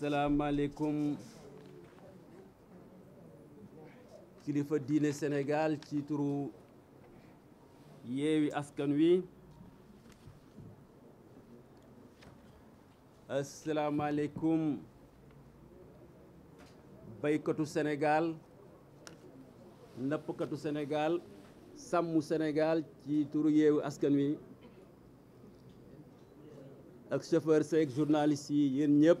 asalaamaaleykum kilifa diine Sénégal ci turu yeewi askan wi asalaamaaleykum baykatu Sénégal nappkatu Sénégal sàmmu Sénégal ci turu yeewi askan wi ak chauffeur seeg journaliste yi yéen ñëpp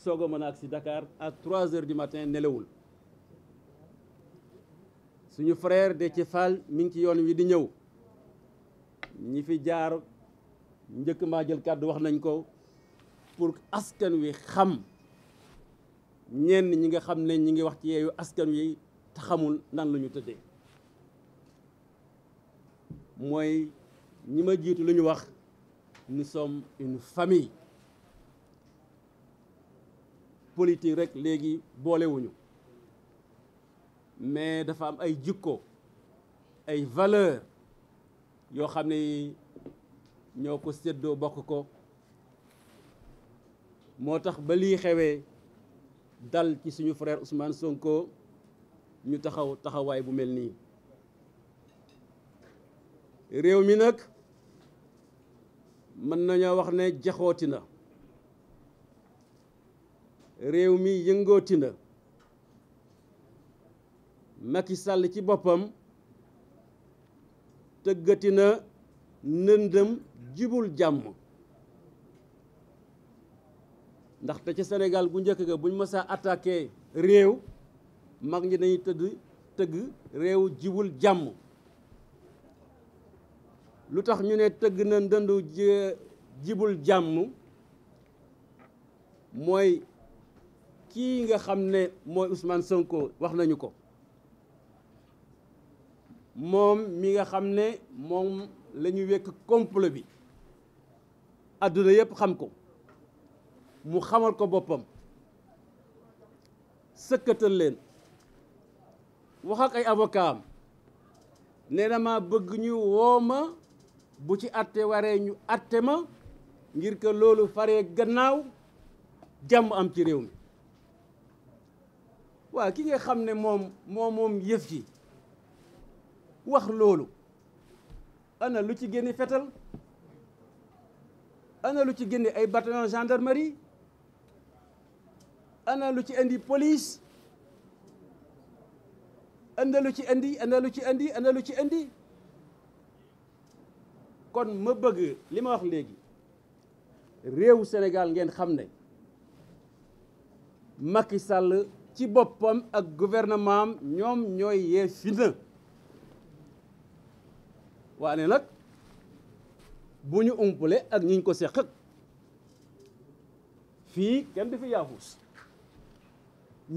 Sogo a Dakar à trois heures du matin nelawul suñu frère Déthié Fall mi ngi yoon wi di ñew ñi fi jaar njëkk ma jël kaddu wax nañ ko pour askan wi xam ñen ñi nga xam ne ñi ngi wax ci yeeyu askan wi ta xamul nan lañu ñu moy ñima jitu luñu wax nous sommes une famille politique rekk léegi boolewuñu mais dafa am ay jikko ay valeur yoo xam ne ñoo ko seddoo bokk ko moo tax ba lii xewee dal ci suñu frère Ousmane Sonko ñu taxaw taxawaay bu mel nii réew mi nag mën nañoo wax ne jaxooti na réew mi yëngooti na yi sàll ci boppam tëggati na nëndëm jibul jàmm ndaxte ca Sénégal bu njëkk ga buñ mësaa attaqué réew mag ñi dañuy tëdd tëgg réew jibul jàmm lu tax ñu ne tëgg na ndëndu jibul jàmm mooy Qui nga xam moy Ousmane Sonko wax nañu ko mom mi nga xam mom lañu wék complot bi adduna yépp xam ko mu xamal ko bopam sëkkatal leen wax ak ay avocat am ma bëgg ñu woo bu ci atté waré ñu atté ma ngir que lolu faré gannaaw am ci réew waa ki nga xam ne moom moo moom yëf ji wax loolu ana lu ci génne fetal ana lu ci génne ay bataillon gendarmerie ana lu ci indi police ana ci indi ana lu ci indi ana lu ci indi kon ma bëgg li ma wax léegi réewu Sénégal ngeen xam ne Macky sàll ci boppam ak gouvernement ñoom ñooy yee fitna waane nag bu ñu umpale ak ñiñ ko seq fii kenn du fi yaafuus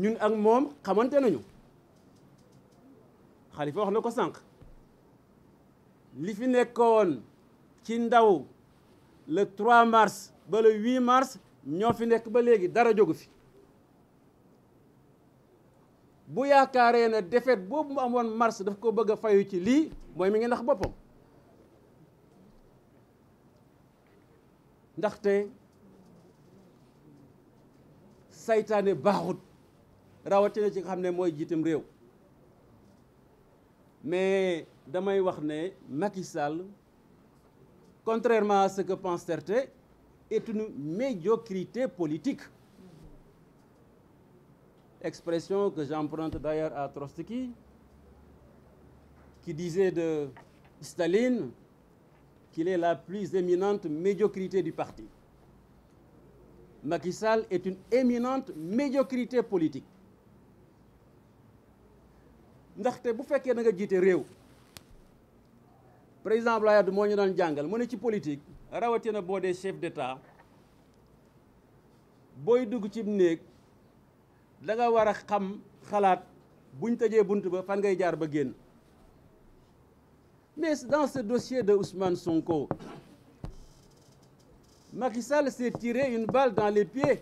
ñun ak moom xamante nañu xalifa wax na ko sànq li fi nekkoon ci ndaw le 3 mars ba le 8 mars ñoo fi nekk ba léegi dara jógu fi Bouya yaakaaree ne défaite boobu mars daf ko bëgg a fayu ci lii mooy mi ngi ndax boppam ndaxte saytaane baaxut rawatina ci nga xam ne mais damay wax Macky contrairement à ce que pensent certains est une médiocrité politique expression que j'emprunte d'ailleurs à Trotsky, qui disait de Staline qu'il est la plus éminente médiocrité du parti. Macky Sall est une éminente médiocrité politique ndaxte bu fekkee da nga jiite président de la moo ñu doon jàngal mu politique rawatina chef d'état boy dugg ci da nga war a xam xalaat buñ tëjee bunt ba fan ngay jaar ba génn mais dans ce dossier de Ousmane Sonko Macky Sall s'est tiré une balle dans les pieds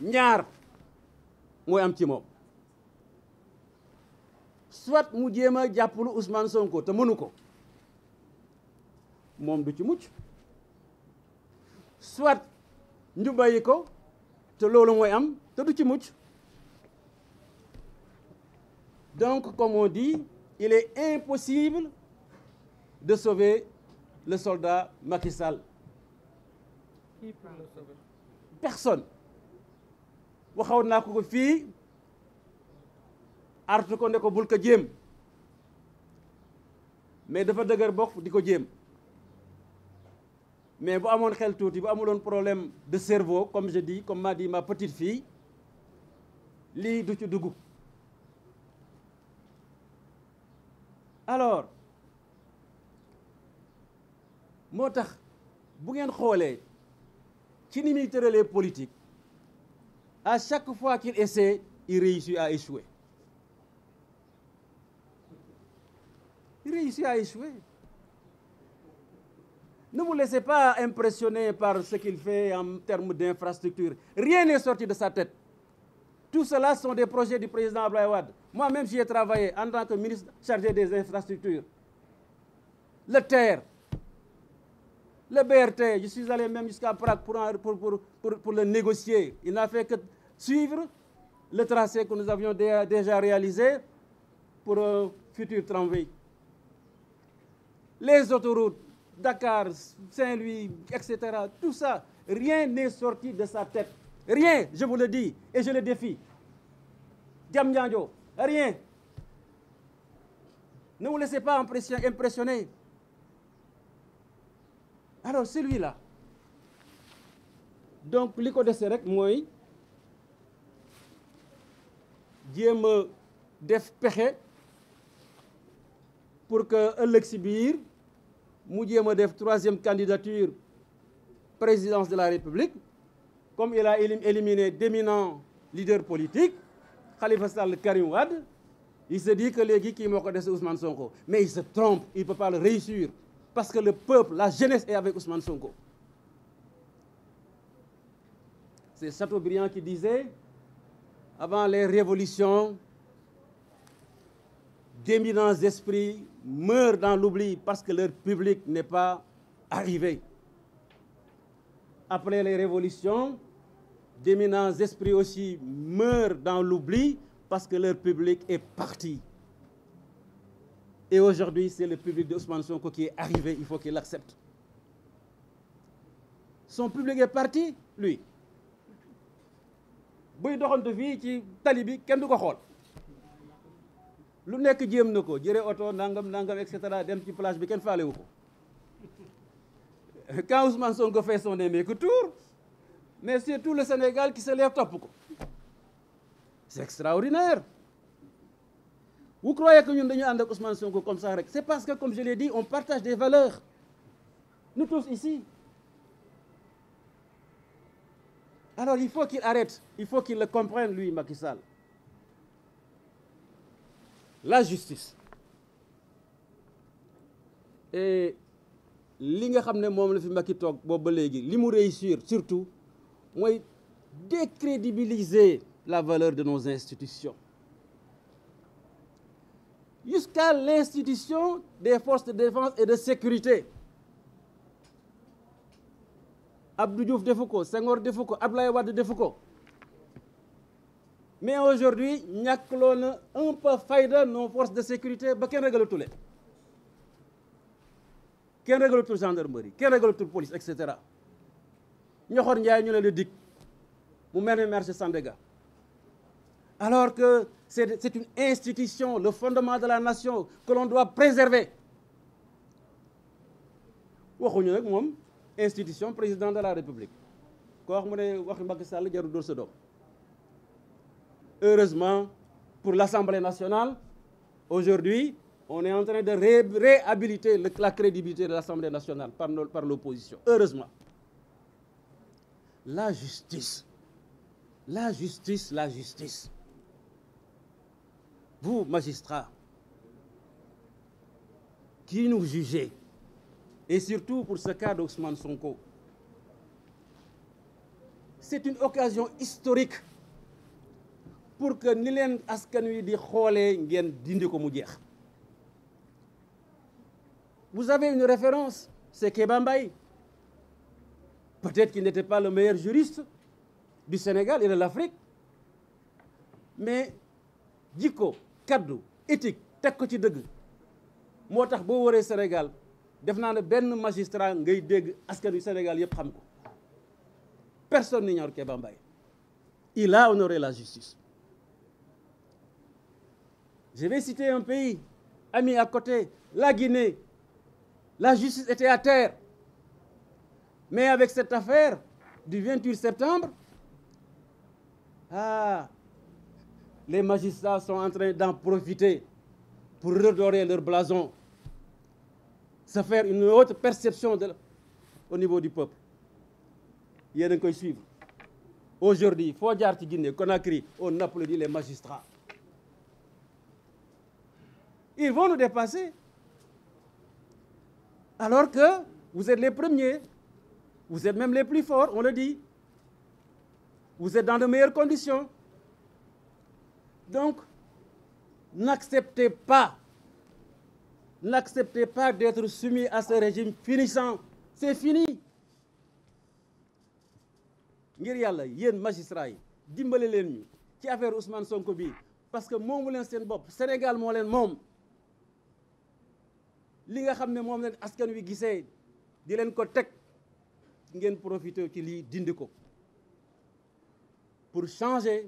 ñaar mooy am ci moom soit mu jéem a jàppalu Ousmane Sonko te mënu ko moom du ci mucc soit ñu bàyyi ko te loolu moy am te du ci mucc donc comme on dit il est impossible de sauver le soldat Macky Sall personne waxaw naa ko ko fi art ko ne ko bul ko mais dafa dëgër bok diko ko mais si vous avez un problème de cerveau comme je dis comme m'a dit ma petite fille li du ci alors moi, si bu un xoolee ci à chaque fois qu'il essaie il réussit à échouer il réussit à échouer ne vous laissez pas impressionner par ce qu'il fait en termes d'infrastructures. Rien n'est sorti de sa tête. Tout cela sont des projets du président Ablaïwad. Moi-même, j'y ai travaillé en tant que ministre chargé des infrastructures. Le terre, le BRT, je suis allé même jusqu'à Prague pour, pour, le négocier. Il n'a fait que suivre le tracé que nous avions déjà réalisé pour un euh, futur tramway. Les autoroutes, Dakar, Saint-Louis, etc. Tout ça, rien n'est sorti de sa tête. Rien, je vous le dis, et je le défie. rien. Ne vous laissez pas impressionner. Alors, celui-là. Donc, l'école de Serek, moi, je me dépêche pour que le mu troisième candidature présidence de la république comme il a éliminé d'éminents leaders politiques Khalifa Sall Karim il se dit que les qui qui Ousmane Sonko mais il se trompe il ne peut pas le réussir parce que le peuple la jeunesse est avec Ousmane Sonko c'est Chateaubriand qui disait avant les révolutions d'éminents d'esprit meurent dans l'oubli parce que leur public n'est pas arrivé. Après les révolutions, d'éminents esprits aussi meurent dans l'oubli parce que leur public est parti. Et aujourd'hui, c'est le public d'Ousmane Sonko qui est arrivé, il faut qu'il l'accepte. Son public est parti, lui. vie, lu nekk jéem na ko jëre oto nangam nangam et cetera dem ci plage bi kenn faale wu ko quand Ousmane Sonko fait son émec tour mais c'est tout le Sénégal qui se lève top c'est extraordinaire vous croyez que nous, devons ànd Ousmane Sonko comme ça c'est parce que comme je l'ai dit on partage des valeurs nous tous ici alors il faut qu'il arrête il faut qu'il le comprenne lui Macky Sall la justice et ce que vous savez, la fi surtout décrédibiliser la valeur de nos institutions jusqu'à l'institution des forces de défense et de sécurité Abdou Diouf Senghor defu Abdoulaye mais aujourd'hui nous ne un peu fayda nos forces de sécurité ba Qui pour régule tout le gendarmerie kenn la police etc. police, ñoxor Nous ñu ne le Nous les sans sans alors que c'est une institution le fondement de la nation que l'on doit préserver institution président de la république ko wax mu wax Macky Sall sa Heureusement pour l'Assemblée nationale, aujourd'hui, on est en train de réhabiliter la crédibilité de l'Assemblée nationale par, par l'opposition. Heureusement. La justice. La justice, la justice. Vous, magistrats, qui nous jugez, et surtout pour ce cas d'Ousmane Sonko, c'est une occasion historique pour que ni len askan wi di xoolee ngén dindi ko mu vous avez une référence c'est Kebambay. peut-être qu'il n'était pas le meilleur juriste du Sénégal et de l'Afrique mais diko kaddu éthique tek ko ci deug motax Sénégal def le ben magistrat ngay dégg askan du Sénégal personne n'ignore Kéba il a honoré la justice je vais citer un pays, ami à côté, la Guinée. La justice était à terre. Mais avec cette affaire du 28 septembre, ah, les magistrats sont en train d'en profiter pour redorer leur blason, se faire une haute perception au niveau du peuple. Il y a un suivre. Aujourd'hui, Fodjar Guinée, Conakry, on applaudit les magistrats ils vont nous dépasser. Alors que vous êtes les premiers, vous êtes même les plus forts, on le dit. Vous êtes dans de meilleures conditions. Donc, n'acceptez pas, n'acceptez pas d'être soumis à ce régime finissant. C'est fini. ngir Yen magistrat yi dimbale qui a fait Ousmane Sonko parce que moulin c'est seen bop, Sénégal li nga xamné mom moom askan wi gisé di leen ko tek ngeen profiter ci li dindi pour changer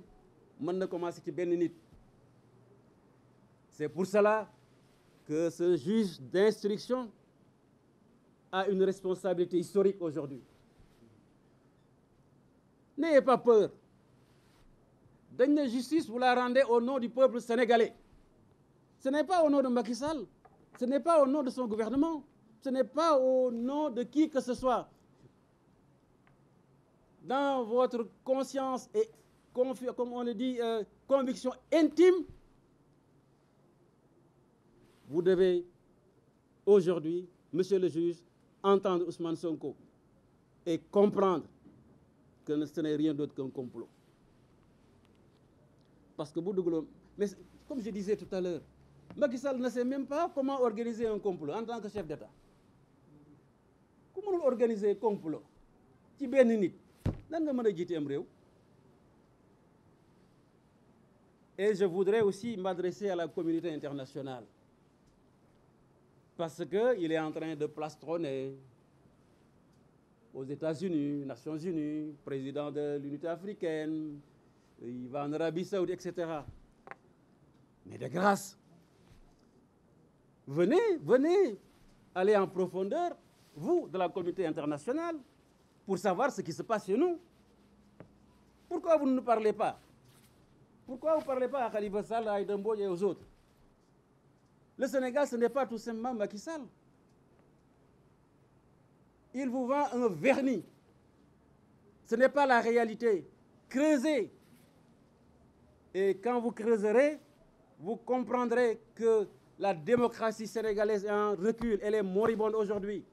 mën na commencer ci ben nit c'est pour cela que ce juge d'instruction a une responsabilité historique aujourd'hui n'ayez pas peur dagné justice vous la rendez au nom du peuple sénégalais ce n'est pas au nom de Macky Sall ce n'est pas au nom de son gouvernement. Ce n'est pas au nom de qui que ce soit. Dans votre conscience et, comme on le dit, euh, conviction intime, vous devez aujourd'hui, monsieur le juge, entendre Ousmane Sonko et comprendre que ce n'est rien d'autre qu'un complot. Parce que vous, mais comme je disais tout à l'heure, Macky ne sait même pas comment organiser un complot en tant que chef d'État Comment organiser un complot et je voudrais aussi m'adresser à la communauté internationale parce que est en train de plastronner aux États-Unis, Nations Unies, président de l'unité africaine, il va en Arabie Saoudite, etc. Mais de grâce, venez, venez, allez en profondeur, vous, de la communauté internationale, pour savoir ce qui se passe chez nous. Pourquoi vous ne nous parlez pas Pourquoi vous ne parlez pas à Khalifa Sall, à Aydembo et aux autres Le Sénégal, ce n'est pas tout simplement Macky Il vous vend un vernis. Ce n'est pas la réalité. Creusez. Et quand vous creuserez, vous comprendrez que la démocratie sénégalaise est en recul, elle est moribonde aujourd'hui.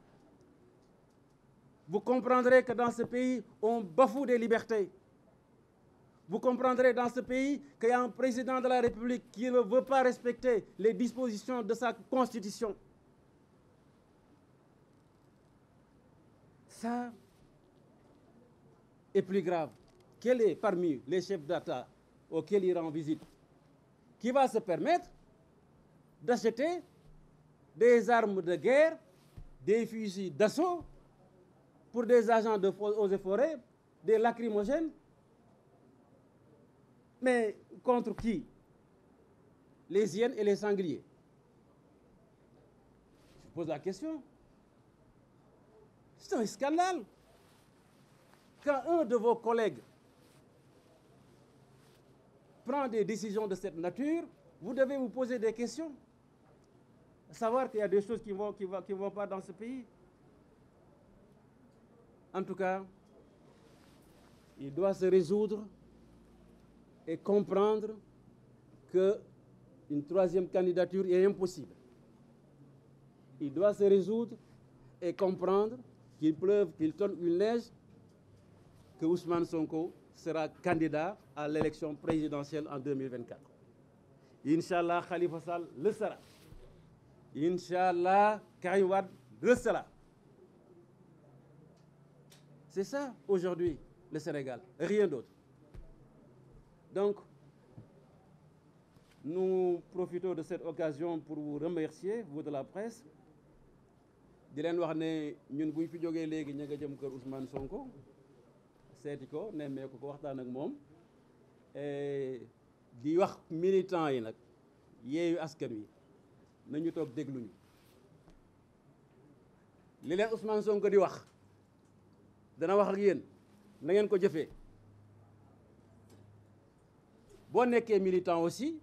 Vous comprendrez que dans ce pays, on bafoue des libertés. Vous comprendrez dans ce pays qu'il y a un président de la République qui ne veut pas respecter les dispositions de sa constitution. Ça est plus grave. Quel est parmi les chefs d'État auxquels il rend visite qui va se permettre d'acheter des armes de guerre, des fusils d'assaut pour des agents de forêt, forêts, des lacrymogènes. Mais contre qui Les hyènes et les sangliers. Je pose la question. C'est un scandale. Quand un de vos collègues prend des décisions de cette nature, vous devez vous poser des questions savoir qu'il y a des choses qui ne vont, qui pas dans ce pays. En tout cas, il doit se résoudre et comprendre qu'une une troisième candidature est impossible. Il doit se résoudre et comprendre qu'il pleuve, qu'il donne une neige, que Ousmane Sonko sera candidat à l'élection présidentielle en 2024. Inch'Allah, Khalifa Sall le sera. Inch'Allah, Karim Wad C'est ça aujourd'hui le Sénégal, rien d'autre. Donc, nous profitons de cette occasion pour vous remercier, vous de la presse. di leen wax ne ñun buñ fi jógee léegi ña nga jëm kër Ousmane Sonko Et ko avons ko waxtaan ak moom di wax militant yi nag yeeyu askan wi. nañu toog dégluñu li leen Ousmane Sonko di wax dana wax ak yéen na ko jëfee boo nekkee militant aussi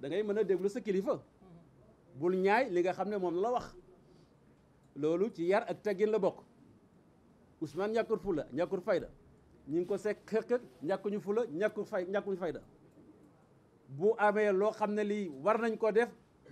dangay ngay mën a déglu sa kilifa bul ñaay li nga xam ne moom la wax loolu ci yar ak teggin la bokk Ousmane ñàkkur fula ñàkkur fayda ñi ngi ko seq xëq ñàkkuñu fula ñàkkur fay ñàkkuñu fayda bu amee loo xam ne lii war nañ ko def